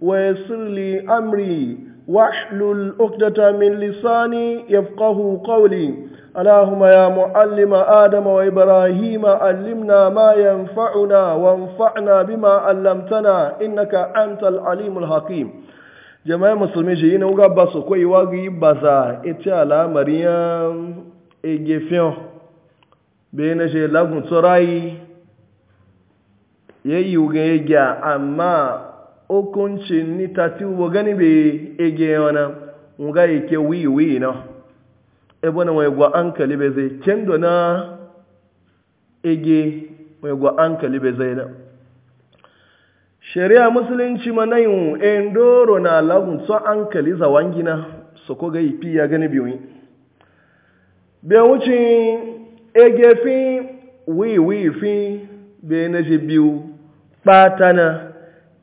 ويسر لي أمري واحلل عقدة من لساني يفقه قولي اللهم يا معلم آدم وإبراهيم علمنا ما ينفعنا وانفعنا بما علمتنا إنك أنت العليم الحكيم جماعة مسلمين shi ne ga ba su koyi wagi ba sa ita al'amariyan egefiyan bai na shi lagun tsirayi hukuncin ni tati wa gani bai ege yana nga yake wiwi na ebe na wegwa ankali be zai kendo na ege wegwa ankali be zai na shari'a musulunci ma nayin endoro na lagun so ankali za wangina so ko ga ipi ya gani biyu bai wuce ege fi wiwi fi be na je biyu ɓatana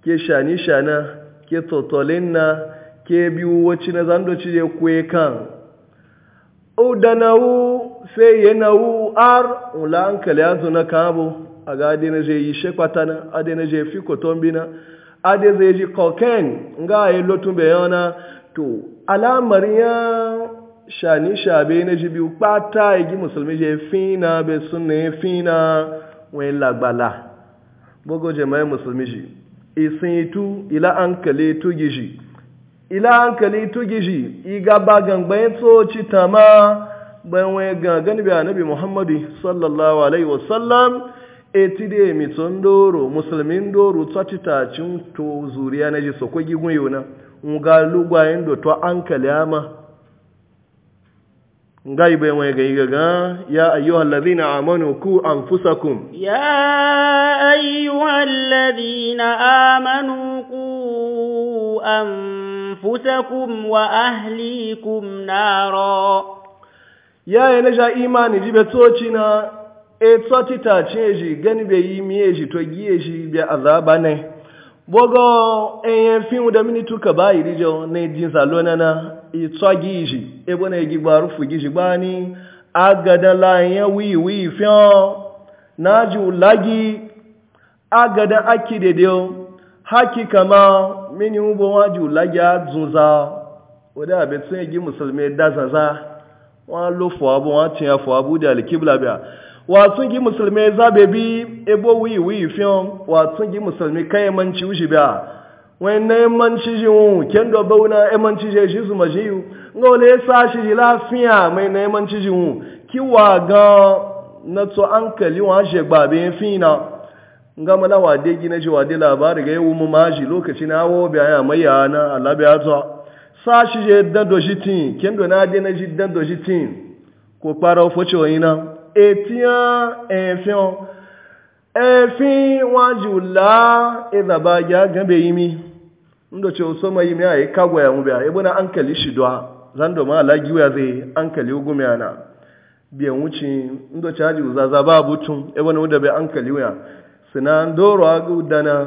ke shani-shana ke totolin na ke biyu wacce na zan doci je kwe kan udanawu sai yanawu ar ula hankali ya zo na kabo a ga adi na je yi shekwata na adi na je fi kotombina bina zai ji koken nga yi lotun bayana to alamar ya shani shabe na ji biyu kpata igi e musulmi je fina be ya fina wani lagbala gbogbo jama'in musulmi ji isitu ila ankali tugiji ila hankali tugiji iga ba tsoci ta ma bayan gangan bi annabi muhammadu sallallahu alaihi wasallam eti de miton doro musulmin doro tsoci ta cin to zuriya na ji sokogi gwiwa na nga lugwayen da to ankali ama ngai bai mai gai gaga ya ayyuhal ladhina amanu ku anfusakum ya ayyuhal ladhina amanu ku anfusakum wa ahlikum nara ya yana ja imani jibe toci na e tsoti ta ceji gani be yi miye ji to giye ji be azaba ne bogo eyen fiu da minituka ba irijo ne jinsa lonana itswa gizi ebe na egi gbarufu gizi gbani agadala ihe wiwi fiyan na ji ulagi agadan aki dede haki kama mini ubo wa ji ulagi azunza wadda abin sun musulmi dazaza wọn lo fọ abu wọn tiyan fọ abu da alikibla biya watun gi musulmi zabe bi ebo wiwi fiyan watun gi musulmi kayamanci wuce biya wen na yammanci ji wun ken do bauna yammanci je shi su majiyu ngo le sa shi ji lafiya mai na yammanci ji wun ki wa ga na to ankali wa je gba be fina nga mala wa de gina ji wa de labari ga yau mu maji lokaci na wo bi aya mai ya na alabi sa shi je da shi tin ken do na de na shi tin ko para ofo etia efi waju la izaba ya gabe yimi ndo ce so yi yimi ai kagwa ya mubya e buna ankali shidwa zando ma lagi wa zai ankali ugume ana biyan wuce ndo ce haji uzaza ba butun e buna da bai ankali wa sina ndoro agu dana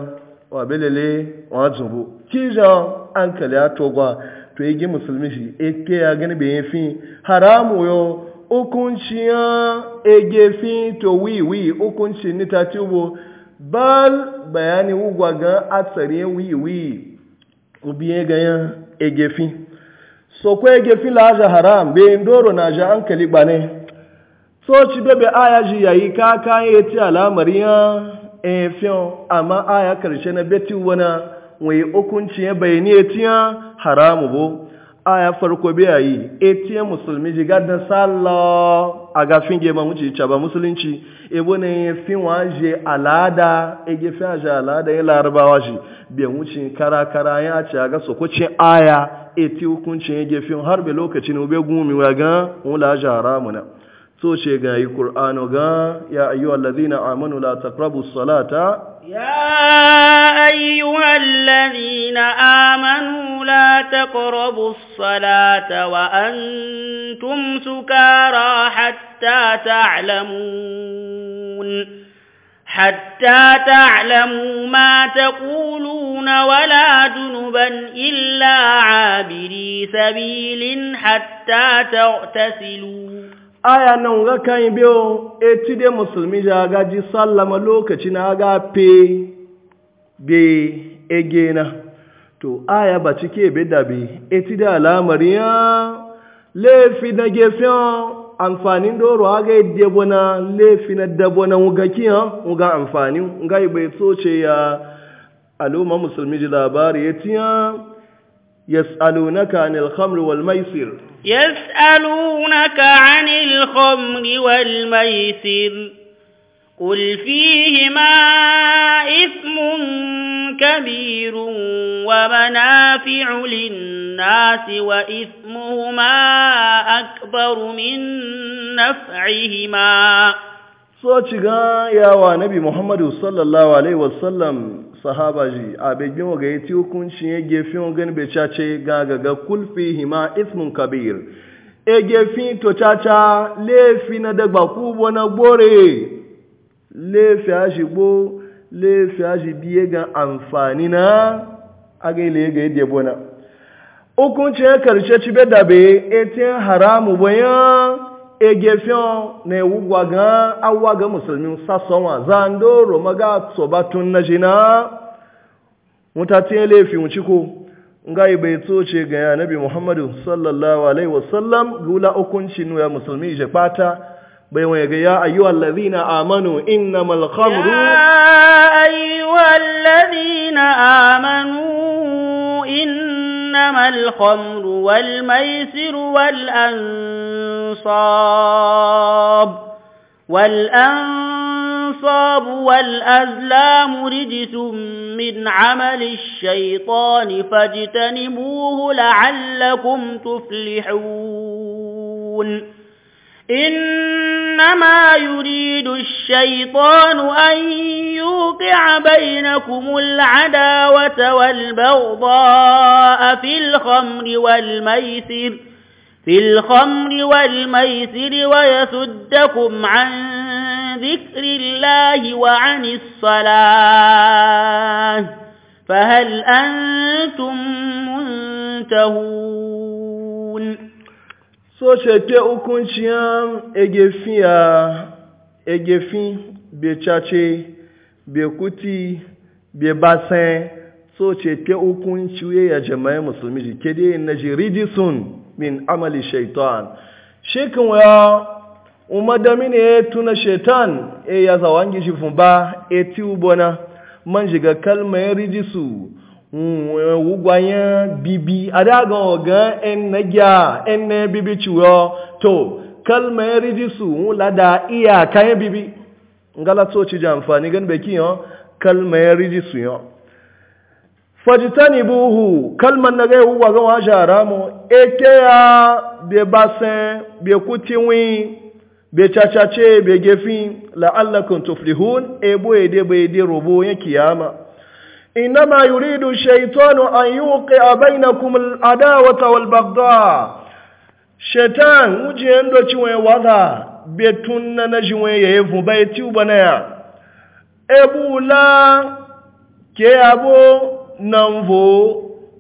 wa belele wa zubu kija ankali atogwa to yi musulmi shi e ya gani bai yi fi hukunci egefi to wiwi hukunci ni ta tubo bal bayani wugwa ga atsari wiwi ubiye ga ya egefi so egefi la ja haram be ndoro na ja ankali bane so ci dobe aya ji yayi ka ka eti alamari ya efion amma aya karshe na beti wana wai hukunci ya bayani ya haramu bo aya farko biya yi etiye musulmi ji gadon sallo a gafin gema wuce caba musulunci ebo ne fin waje alada ege fi aje alada ya larabawa shi bai wuce kara-kara ya ce a sokocin aya eti hukuncin ya gefe har bai lokacin ube gumi wa ga wula aje so ce ga yi ga ya ayyuwa lazina amanu la taqrabu salata يا أيها الذين آمنوا لا تقربوا الصلاة وأنتم سكارى حتى تعلمون حتى تعلموا ما تقولون ولا جنبا إلا عابري سبيل حتى تغتسلون aya nan ga kan biyo eti de musulmi ja gaji sallama lokaci na ga pe be egena to aya ba cike be dabe eti da alamar ya lefi na gefen amfanin doro aga yadda bona lefi na dabona wuga kiya wuga amfanin ga ibe so ce ya al'umma musulmi ji labari ya tiya yas'alunaka 'anil khamri wal maisir yas'alunaka 'anil khamri wal maisir qul fihima ithmun kabirun wa manafi'u lin nasi wa ithmuhuma akbaru min naf'ihima so ciga ya wa nabi muhammadu sallallahu alaihi wasallam sahaba ji a begin waga ya ti hukunci ya gefin gani bai cace gagaga kulfi hima ismun kabir e gefin to caca lefi na dagba kubo na gbore lefi a shi gbo lefi a shi biye ga amfani na aga ile ga yadda bona hukunci ya karshe ci bai dabe etin haramu bayan egefin na ewu ga awa ga musulmi sassanwa zandoro maga tsobatun na jina mutatiyan laifin ciko nga ibe toce ga ya nabi muhammadu sallallahu alaihi wasallam gula hukuncin ya musulmi je fata bai wani ga ya ayyuhal ladhina amanu innamal khamru ya ayyuhal ladhina amanu inna إنما الخمر والميسر والأنصاب والأنصاب والأزلام رجس من عمل الشيطان فاجتنبوه لعلكم تفلحون إنما يريد الشيطان أن يوقع بينكم العداوة والبغضاء في الخمر والميسر في الخمر والميسر ويسدكم عن ذكر الله وعن الصلاة فهل أنتم منتهون so shefe hukunciyan egefiya egefin be cace be kuti be basan so shefe hukunci ya jama'in musulmi ji kede na ridisun min amali shaitan shekin waya umadami ne ya tuna shaitan e ya zawangi shi fumba ba e ti ubona man shiga kalmar wugwayen bibi a dagan ogan en na gya en bibi ciwo to kalma ya rijisu wula da iya kayan bibi ngala to ci amfani gan beki yon kalma ya rijisu yon fajitani buhu kalman na gaya wuwa gan wajen haramu eke ya be basen be kutiwin be cacace be gefin la'allakun tuflihun ebo ede bai de robo ya kiyama إنما يريد الشيطان أن يوقع بينكم الأداوة والبغضاء شيطان وجي عنده شوية وضع بيتنا نجوية يفو بيتي وبنية ebu la ke abo nanvo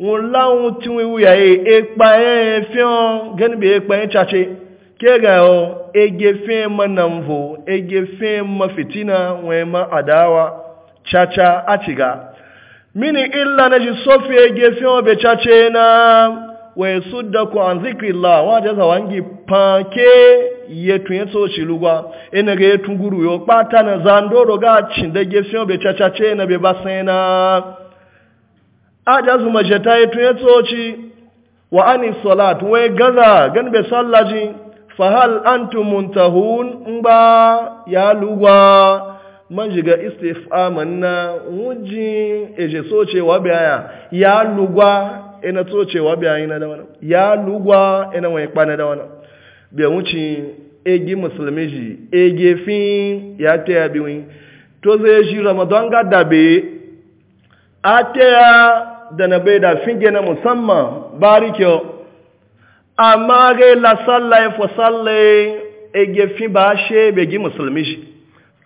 ŋun la ŋun tiwi wuya ye ekpa ye fiɔn gani bi ekpa ye ke ga yɔ edze fiɛ ma nanvo edze fiɛ ma fitina ŋun ma adawa tsatsa atsi mini illa na ji sofiya gefe obe cace na wai da ku an zikrillah wa jaza wangi panke yetu ya soci lugwa ina ga tun guru yo pata na zandoro ga cin da gefe obe cace na be basena a jazu majeta yetu ya wa ani salat wai gaza gan be sallaji fahal antum muntahun ba ya lugwa man jiga istifaman na wujin eje socewa biyaya ya lugwa ina socewa biyayi na da wani ya lugwa ina wani kpana da wani biya wuce egi musulmi ji ege fin ya taya biyu to zai shi ramadan ga dabe a taya da na bai da finge na musamman bari kyau amma ga la sallaye fo sallaye ege fin ba she begi musulmi ji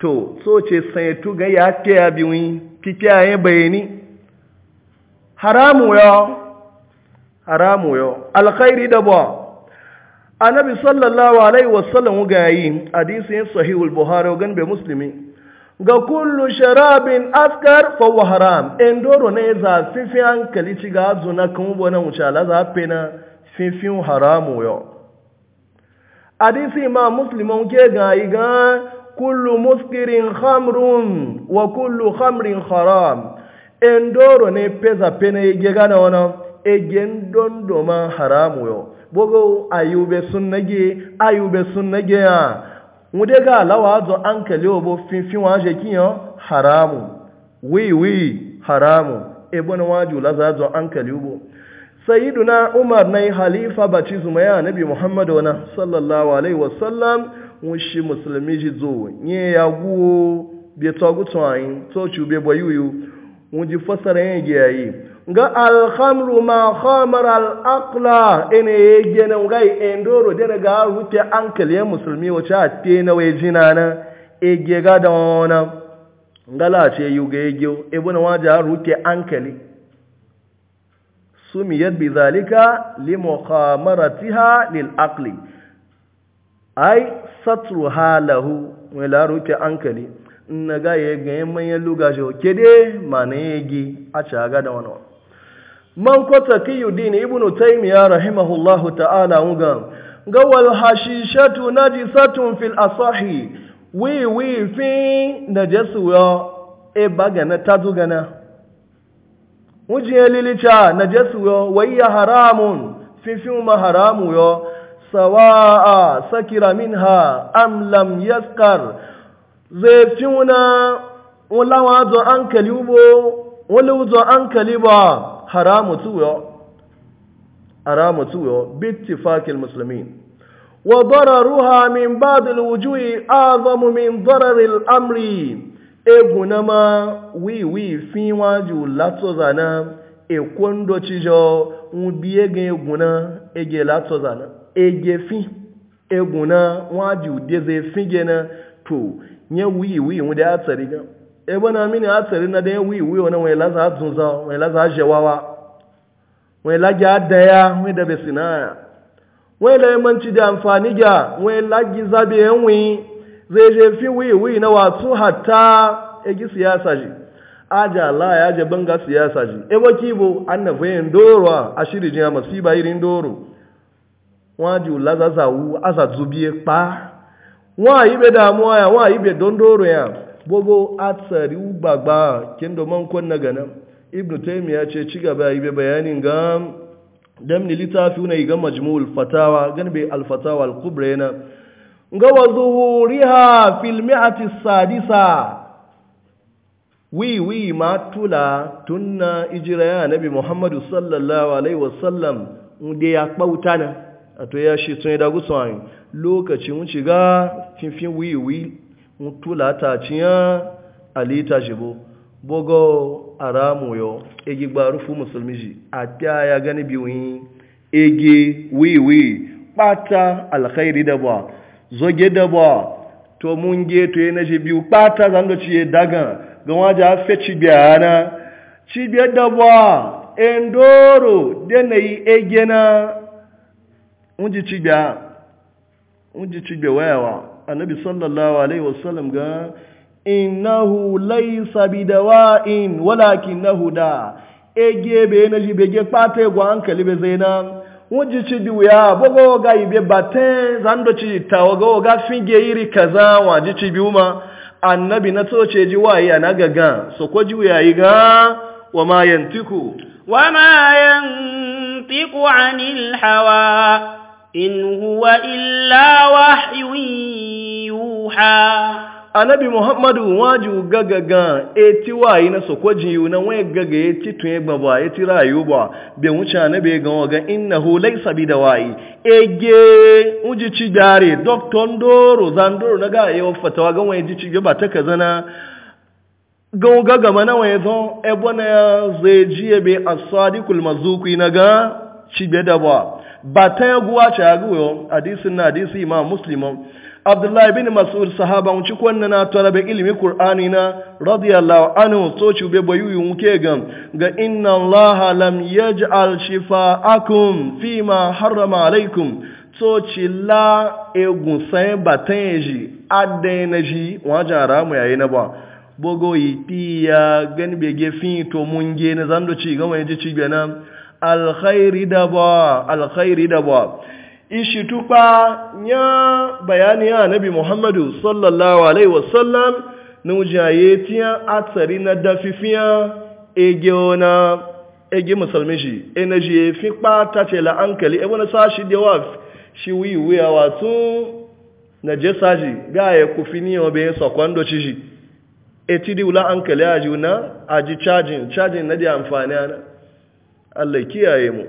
to so ce sai tu ga ya ke ya biwi kike ya bayani haramu yo haramu yo alkhairi da ba annabi sallallahu alaihi wasallam ga yi sahih sahihul buhari gan be muslimi ga kullu sharabin askar fa huwa haram endoro ne za an kali ci ga zuna kan bona wucala za pena fifin haramu yo hadisi ma muslimon ke ga yi ga kullu muskirin khamrun wa kullu khamrin haram endoro ne peza pene yege gana wana egen dondo ma haramu yo bogo ayube sunnage ayube sunnage ya mude ga lawa zo an obo finfin wa je kiyo haramu wi wi haramu e bona waju la za zo an obo sayyiduna umar nai halifa baci zumaya nabi Muhammadu wana sallallahu alaihi wasallam wunshi musulmi ji zo nye ya guwo bai tagutun ayin toci bai bayuyu wunji fasara yin giyayi ga alhamru ma khamar al'aqla ina ya gina ga endoro dina ga rufe an kaliyar musulmi wace a te na wai jina na ege ga da wana ngala ce yu ga ege ibn e waja rufe an kali sumiyat bi zalika li mukhamaratiha lil aqli ai satru halahu mai larufe ankali na ga ya ga manyan lugashi ke dai ma na yagi a caga da wani man kwata kiyudin ibn taymiya rahimahullahu ta'ala muga ga wal hashishatu najisatun fil asahi wi wi fi najasu e ya e bagana tazugana wujiye lilicha najasu ya wayya haramun fi ma haramu yo sawa'a sakira minha am lam yaskar zai fi wuna wala wazo an kalibo wala wazo an kaliba haramu tuyo haramu tuyo bittifakil muslimin وضررها من بعض الوجوه أعظم من ضرر الأمر egunama wiwi finwaju latozana ekwondocijo nwubi ege egwuna ege zana. E egefi eguna waji ude zai fige na to nye wiyi wiyi mu da ga ebe na mini hatsari na da ya wiyi wiyi wani wai laza zunza wai laza jewawa wai lagi adaya wai dabe sinaya wai da yamanci da amfani ga wai lagi zabe yan zai je fi wiyi wiyi na watsu hatta egi siyasa ji aja la ya je banga siyasa ji ebe kibo an na fayin doro a shiri jiya masiba irin doro wọ́n á di òlázàzàwú àzàzùbíye pa wọ́n àyí yíbe damuwa ayà wọ́n àyí bẹ dondoro ya gbogbo atsari gbagba kin domin kwanna gana ibn taimi ya ce ci gaba yi bayani ga damni littafi yi ga majmu'ul fatawa gani bai alfatawa al-kubra yana ga wa zuhuriha fil mi'ati sadisa wi wi ma tula tunna ijira ya nabi muhammadu sallallahu alaihi wasallam nde ya kpautana a to ya shi sun yi dagu sun lokaci mun ga finfin wiwi mun tula ta ciya alita shigo bogo aramu yo egi gbarufu musulmi ji a ta ya gani biyu egi wiwi pata alkhairi da ba zoge da ba to mun ge to yana ji biyu pata zan do ci daga ga waje a fe cibiya na cibiyar da ba endoro da na yi egena unji cigbe wayawa annabi sallallahu alaihi wasallam ga innahu laysa bidawa'in walakinahu da ege be na jibe ge pate gwa hankali be zaina unji cigbe ya bogo ga ibe bate zando ci tawago ga finge iri kaza wa ji cigbe uma annabi na toce ji wayi ana gaga so ko ji ga wa ma yantiku wa yantiku anil hawa in huwa illa wahyi yuha anabi muhammadu waju gagaga eti wayi na sokoji yu na we gaga eti tun ya gbaba eti rayu ba bai wuce anabi ga waga innahu laysa dawai ege uji ci dare doctor ndoro zandoro na ga yawa fatawa ga we ji ci ba ta kazana ga gaga mana wai zo ebona zai ji be Sadiqul mazuki na ga ci da ba ba ta yaguwa ce a guwa hadisin na hadisi imam muslimon abdullahi bin mas'ud sahaba wuce kwanna na tara bai ilimi na radiyallahu anhu so ci bai bayu yi ke gan. ga inna allah lam yaj'al shifa'akum fi ma harama alaikum so ci la egun sai batenji adenaji wajen ramu yayi na ba bogo yi tiya gani bege fi to mun ge na zando ci gama ji ci gana alkhairi daba alkhairi daba ishi tupa nya bayani ya nabi muhammadu sallallahu alaihi wasallam nu jaye tiya atsari na dafifiya ege ona ege musulmi shi energy e fi ta ce la ankali wona e na sashi da wa shi wi wi awa tu na je sashi ga ya e kufini obe sakwando ci shi etidi wula ankali aji na aji charging charging na di amfani ana Allah kiyaye mu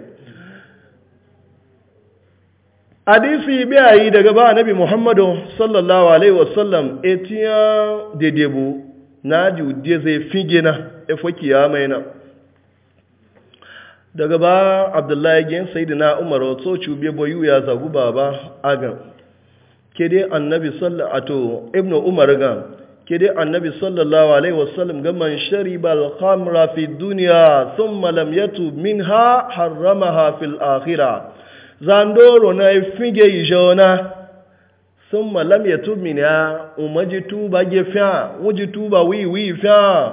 hadisi bi ayi daga ba nabi muhammadu sallallahu alaihi wasallam etiya dedebu na ji ude zai fige na efo kiyama na daga ba abdullahi gen sayyidina umar wato cube boyu ya zagu baba agan kede annabi sallallahu alaihi ibnu umar gan kede annabi sallallahu alaihi wasallam ga man shariba al-khamra fi dunya thumma lam yatub minha harramaha fil akhirah zandoro na fige jona thumma lam yatub minha umaji tuba ge uji tuba wi wi fa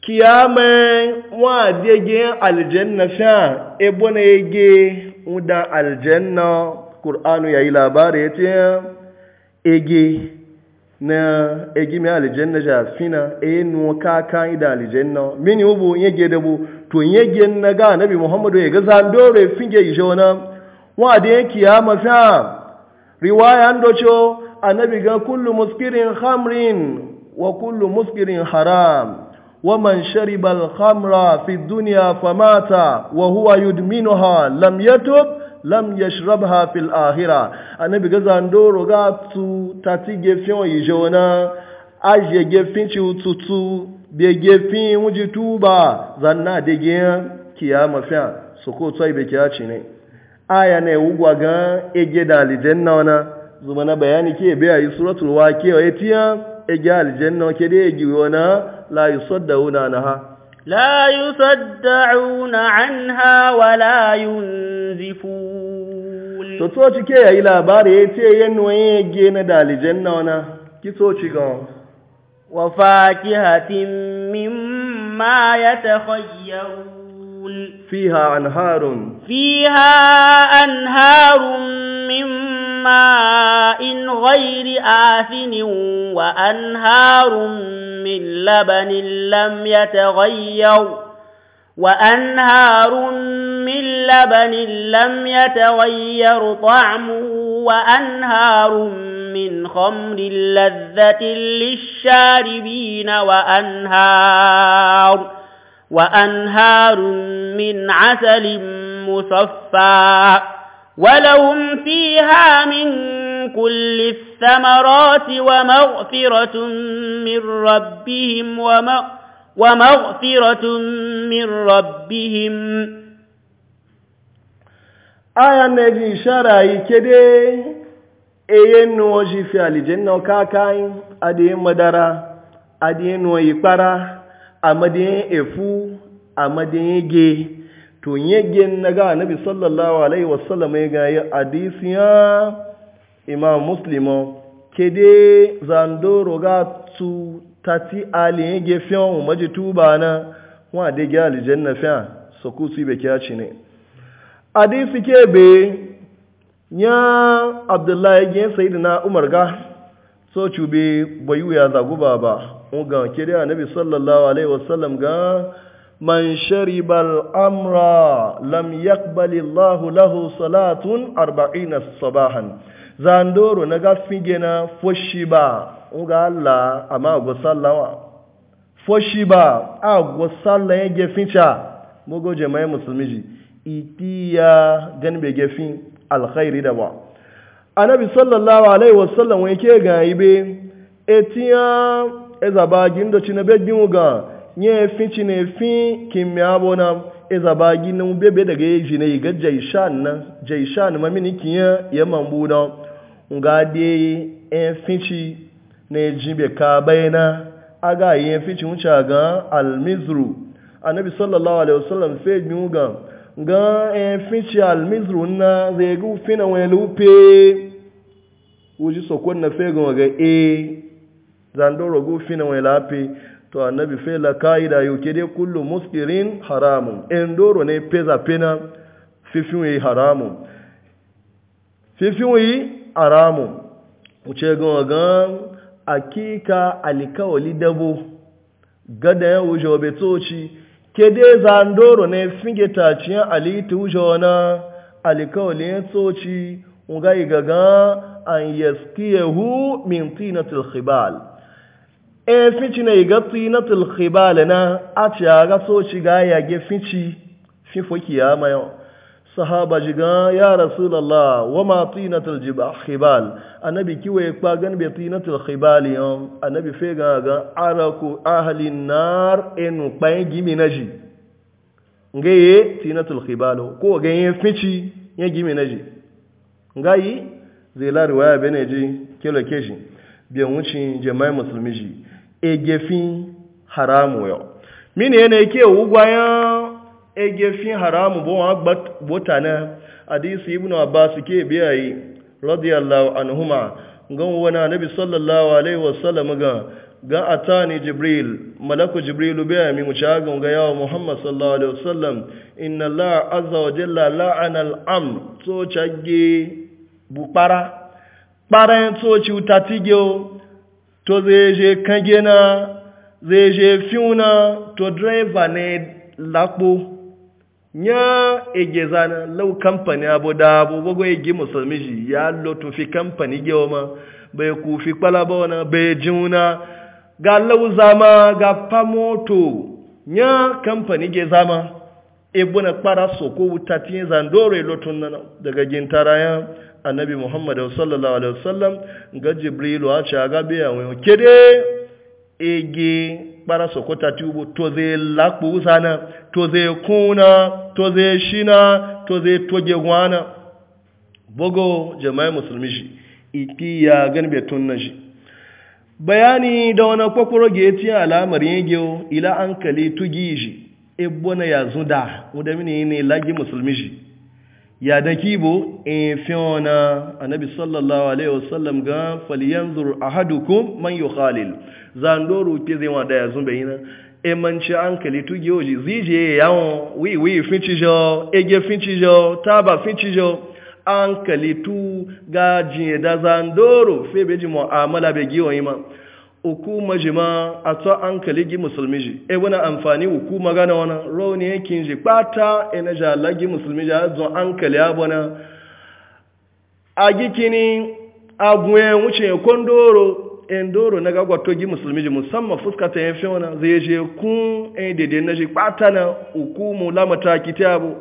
kiyama wa dege aljanna fa e bona yege uda aljanna qur'anu yayi labari yace ege na egimi alijanna ja fina e nuwa kaka ida alijanna mini ubu yage da bu to yage na ga nabi muhammadu ya ga zandore finge ya wana wa da yake ya mafa riwaya doco annabi ga kullu muskirin khamrin wa kullu muskirin haram wa man shariba al-khamra fi dunya famata wa huwa yudminuha lam yatub lam yashrabha fil ahira annabi ga zandoro ga tu tati gefin wa yijona aje gefin ci ututu be gefin wuji tuba zanna de ge kiyama fa soko tsai be kiyaci ne aya ne ugwa ga ege da aljanna wana zuma na bayani ke be ayi suratul waqi'a etiya ege aljanna ke de ege wana la yusaddauna naha la yusaddauna anha wala yun to to cike ya yi labari ya ce yan noye ge na dalijan na wana ki to ci ga wa fakihatin mimma yatakhayyarun fiha anharun fiha anharun mimma ماء غير آثن وأنهار من لبن لم يتغير وأنهار من لبن لم يتغير طعمه وأنهار من خمر لذة للشاربين وأنهار وأنهار من عسل مصفى ولهم فيها من كل الثمرات ومغفرة من ربهم ومغفرة ومغفرة من ربهم aya neji ishara ikede eyenu oji fi alijanna kakai adiye madara adiye nuwa ikpara amadiye efu amadiye ge to yege naga nabi sallallahu alaihi wasallam ya ga hadisiya imam muslimo kede zandoro ga tu tati ci aliyin gefen wa maji tuba na wa da gya aljanna fiya so ku su be kyaci ne hadisi ke be ya abdullahi gen sayyidina umar ga so cube bayu ya zagu baba ga kire annabi sallallahu alaihi wasallam ga man sharibal amra lam yaqbali Allahu lahu salatun 40 sabahan zandoro na gafigena foshiba nga Allah amma agwa sallawa foshi ba agwa sallan ya gefin ca mugo jama'i mai ji itiya gan be al alkhairi da ba anabi sallallahu alaihi wasallam wani ke ga ibe etiya ezabagin da cinabe bin ga nye fin chine fin kimya bona ezabagi be bebe daga yeji ne ga jaishan nan jaishan mamini kiya ya mambuna nga de en finci ne jibe ka bayana aga yin fici wuce ga almizru annabi sallallahu alaihi wasallam fe mi ga ga en fici almizru na zai gu fina wani lupe uji sokon na fe ga ga e zandoro gu fina wani lape to annabi fe la kaida yuke dai kullu muskirin haramun endoro ne peza pena fifin yi haramu. fifin yi haramu. uce ga ga akika alikawali dabo gada ya wuce wa betoci ke dai zandoro ne finge taciyan aliti wuce wana alikawali ya toci nga igaga an hu min tinatil khibal e fici na iga tinatil khibal na a ci ga toci ga yage fici fifoki ya mayon sahaba jiga ya rasulallah wa ma tinatul khibal annabi kiwe kwa gan be tinatul khibal yom annabi fe ga ga araku ahli nar en pai gimi naji ngaye tinatul khibal ko ga yin fici ya gimi naji ngai zela riwaya bene ji kelo keji bi wuci jama'i musulmi ji egefin haramu yo mini yana yake ugwayan ege fi haramu bo wọn bota na hadisi ibn abbas ke biya yi radiyallahu anhuma gan wana nabi sallallahu alaihi wasallam ga ga atani jibril malaku jibril biya mi mu chaga ga yawo muhammad sallallahu alaihi wasallam inna la azza wa jalla la'ana al-amr to chage para en to chi utatige o to zeje kangena zeje fiuna to driver ne lakpo nya ege zana lau kamfani abu da abu gbogbo ege musulmi ji ya lotu fi kamfani geoma bai ku fi kpalaba wana bai jiuna ga lau zama ga pamoto nya kamfani ge zama na kpara soko wuta tinye zandoro ilotun e nana daga gintara ya annabi muhammadu sallallahu alaihi wasallam ga jibrilu a ci a gabe yawon kede ege bara sokota tubu to zai lakpo usana to zai kuna to zai shina to zai toje wana bogo jama'i musulmi shi ya gani bai tunna shi bayani da wani kwakwaro ga ya tiyan alamar yin ila an kali tugi shi ebona ya zuda wadda mini ne lagi musulmi shi ya da kibo efiona eh, annabi sallallahu alaihi wasallam ga falyanzur ahadukum man yukhalil zandoro ke zai wa da ya zumbe yana e manci ankali tu geoji zije yawon wi wi finci jo ege finci jo taba finci jo ankali tu ga jin da zandoro fe beji mu'amala be giwo yima hukuma jima a tso an kaligi musulmi ji e wani amfani hukuma gana wani rauni yakin ji kpata ina e, jalagi musulmi ji azon an kali abona a gikini agwe wuce kondoro endoro na gagwato gi musulmi ji musamman fuska ta yin wana zai je kun ɗin e, dede na ji kpata na hukumu lamata kiti abu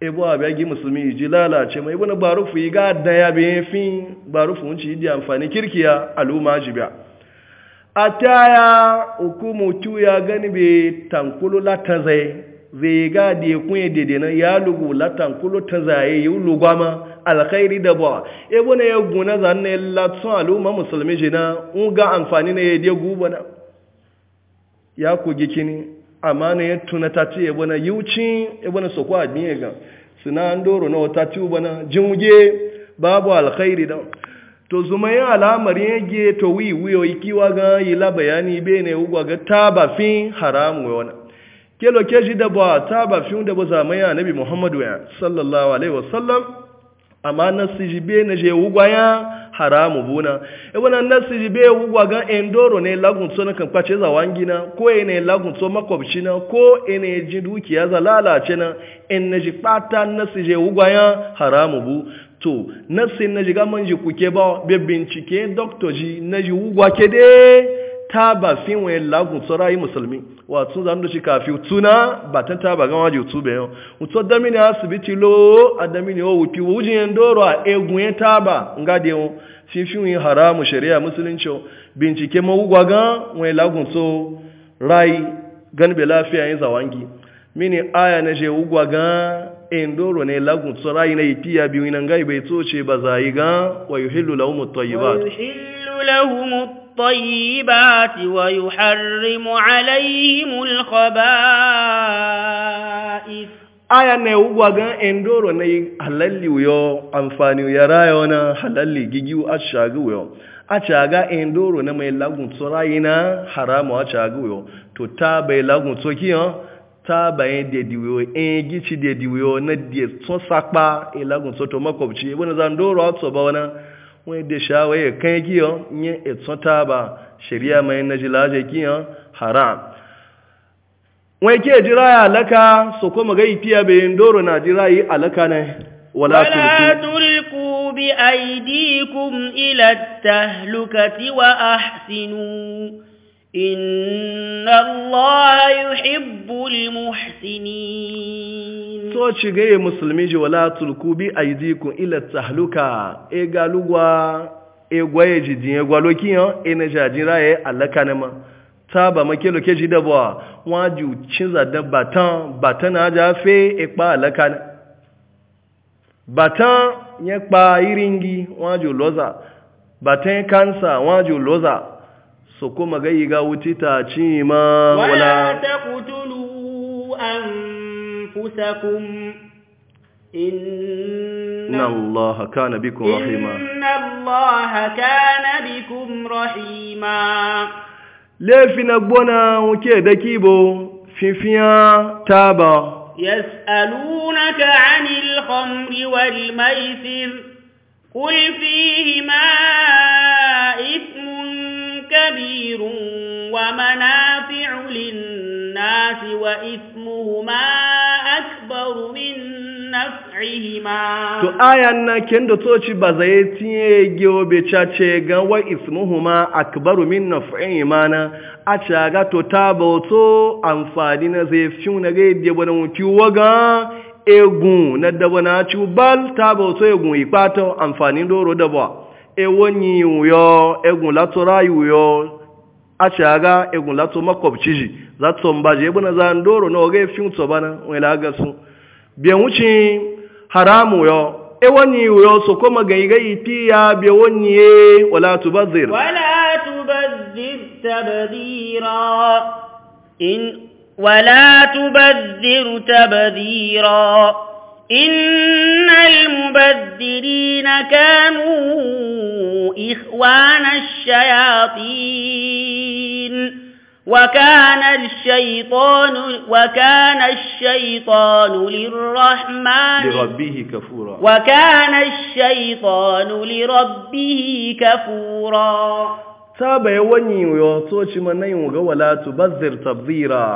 ebo abia gi musulmi ji lalace mai wani e, barufu yi ga daya bayan fi barufu wunci yi di amfani kirkiya al'umma ji biya a ta ya hukumu tu ya gani be tankulu lata zai zai ga da kunye dede na ya lugu la tankulu ta zaye yi gwama alkhairi da ba e bona ya guna zan ne latsun al'umma musulmi jina un ga amfani na ya je guba na ya kogi kini amma na ya tuna ta ce bona na e bona so kwa biye ga suna an doro na wata tuba na jimuge babu alkhairi da to zuma yin alamar yage to wi wiyo ikiwa ga yi la bayani be ne ugwa ga taba fin haramu wona kelo ke da ba taba fin da ba zamai annabi muhammadu ya sallallahu alaihi wasallam amma nasi jibe na je ugwa ya haramu buna e wona nasi jibe ugwa ga endoro ne lagun so na kan kwace za wangina ko ne lagun so makwabci na ko ne ji dukiya za lalace na en na ji pata nasi je ugwa ya haramu bu to nafsin na jiga man ji kuke ba be bincike doctor ji na ji wugwa ke de ta ba fin wa lagun tsara yi musulmi wa tun zan da shi kafi tuna ba tan ta ba ga waje tu be yo to da mini asibiti lo adamini o wuti wujin endoro a egun ta ba nga de o fi fi yin haramu shari'a musulunci bincike ma wugwa ga wa lagun so rai gan be lafiya yin zawangi mini aya na je wugwa ga indoro ne lagun tsorayi na ifiya biyu na gai bai toce ba zai ga wa yuhillu lahum lahumu tayyibat yuhillu yi at-tayyibat wa yuharrimu alayhim al-khaba'ith aya ne ugwa ga indoro ne halalli yo amfani ya rayo na halalli gigiu ashagu yo a caga indoro na mai lagun tsorayi na haramu a cagu yo to ta bai lagun tsokiyan tabayin da diwiyo in eh, gici da diwiyo oh, na da tun sakpa ilagun eh, soto makwabci eh, wani zandoro a tsoba wani wani da shawaye kan yi kiyon oh, yin etun taba shari'a mai na jilaje kiyon oh, haram wani ke jira ya alaka su kuma ga ifiya bayan doro na jira yi alaka ne wala tulku bi aidikum ila tahlukati wa ahsinu inna Allah yuhibbul muhsinin so ci ga musulmi ji wala tulku bi aydikum ila tahluka e galugwa e gwaye ji din e gwalo kiyan e na jajin raye alaka ne ma ta ba make loke ji da ba wa ju cin zadan batan batan na ja fe e pa alaka ne batan ya pa iringi wa ju loza batan kansa wa ju loza so kuma gai ga wuti ta ci ma wala an fusakum inna allaha kana bikum rahima inna allaha kana bikum rahima lefi na gbona wuke da kibo fifiya taba 'anil khamri wal maisir qul fihi ma كبير ومنافع للناس وإثمهما أكبر من نفعهما to ayan na kendo toci ba zai tiye gewo be chace ga wa ismuhuma akbaru تو naf'ihima na a caga to amfani na zai egun na dabana ci bal taboto egun ipato amfani doro ba. ewonyi wuyo egun lato rayu wuyo a ce aga egun lato za to mbaji ebe na zan doro na oge fi bana wani laga biyan wuce haramu yo ewonyi wuyo so kuma ga yi ya biya wani ye wala tubazir wala tubazir tabdira in wala tubazir tabdira إن المبذرين كانوا إخوان الشياطين وكان الشيطان وكان الشيطان للرحمن لربه كفورا وكان الشيطان لربه كفورا تابع وني wani من ci manayin ga wala tubazir tabzira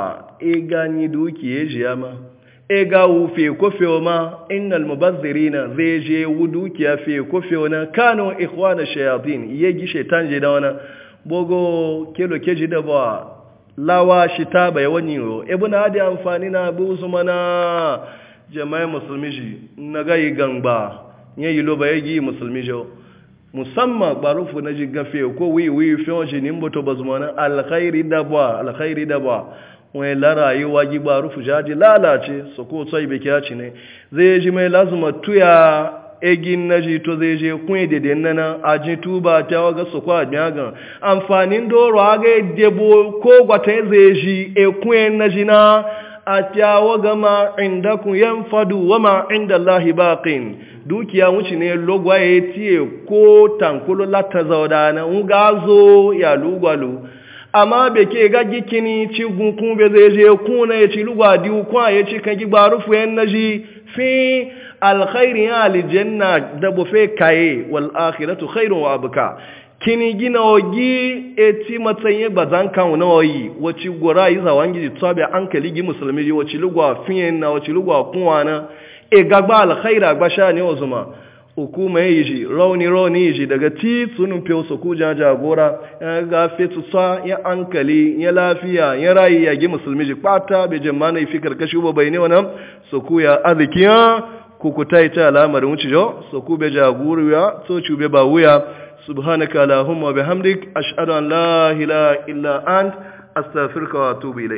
e e ga wufe kofewa ma innal mubazzirina zai je ki fe kofewa na kano ikhwana shayatin ya gi shaitan je da wana bogo kelo keji da ba lawa shi ta bai wani ro e buna da amfani na bu su na jama'a musulmi ji na ga yi gangba ya yi lo bai gi musulmi jo musamman barufu na ji gafe ko wi wi fi wani nimbo to bazumana alkhairi da ba alkhairi da ba wani wagi giba rufu jaji lalace su ko tsaye bai kya ci ne zai ji mai lazuma tuya egin na ji to zai je kun yi dede a aji tuba ta waga su kwa biyagan amfanin doro ga debo ko gwata zai ji ekun na ji na a waga ma inda kun yan fadu wa ma inda lahi baƙin dukiya wuce ne logwaye tiye ko tankulu na zaudana zo ya lugwalu amma be ke kini gikini ci gunkun be zai je kuna ya ci lugwa diu kwa ya ci kan gigba rufu yan naji fi alkhairi ya aljanna da bu fe kaye wal akhiratu khairun wa abka kini gina ogi eti matsayin bazan kan na oyi wacce gora yi zawan gidi tsabe an kali gi musulmi wace lugwa yan na wace lugwa kunwa e gagba alkhaira gbasha ne ozuma hukuma ya yi ji rauni rauni yi ji daga titun tsunin fiye su ku jagora ya gafe tutsa ya ankali ya lafiya ya rayu ya gi musulmi ji kwata bai jama na fi karkashi ba bai ne wani su ku ya arzikiya kukuta ita al'amarin wuce jo su ku bai jagoriya so ci bai ba wuya subhanaka allahumma bihamdik ashhadu an la ilaha illa ant astaghfiruka wa atubu ilayk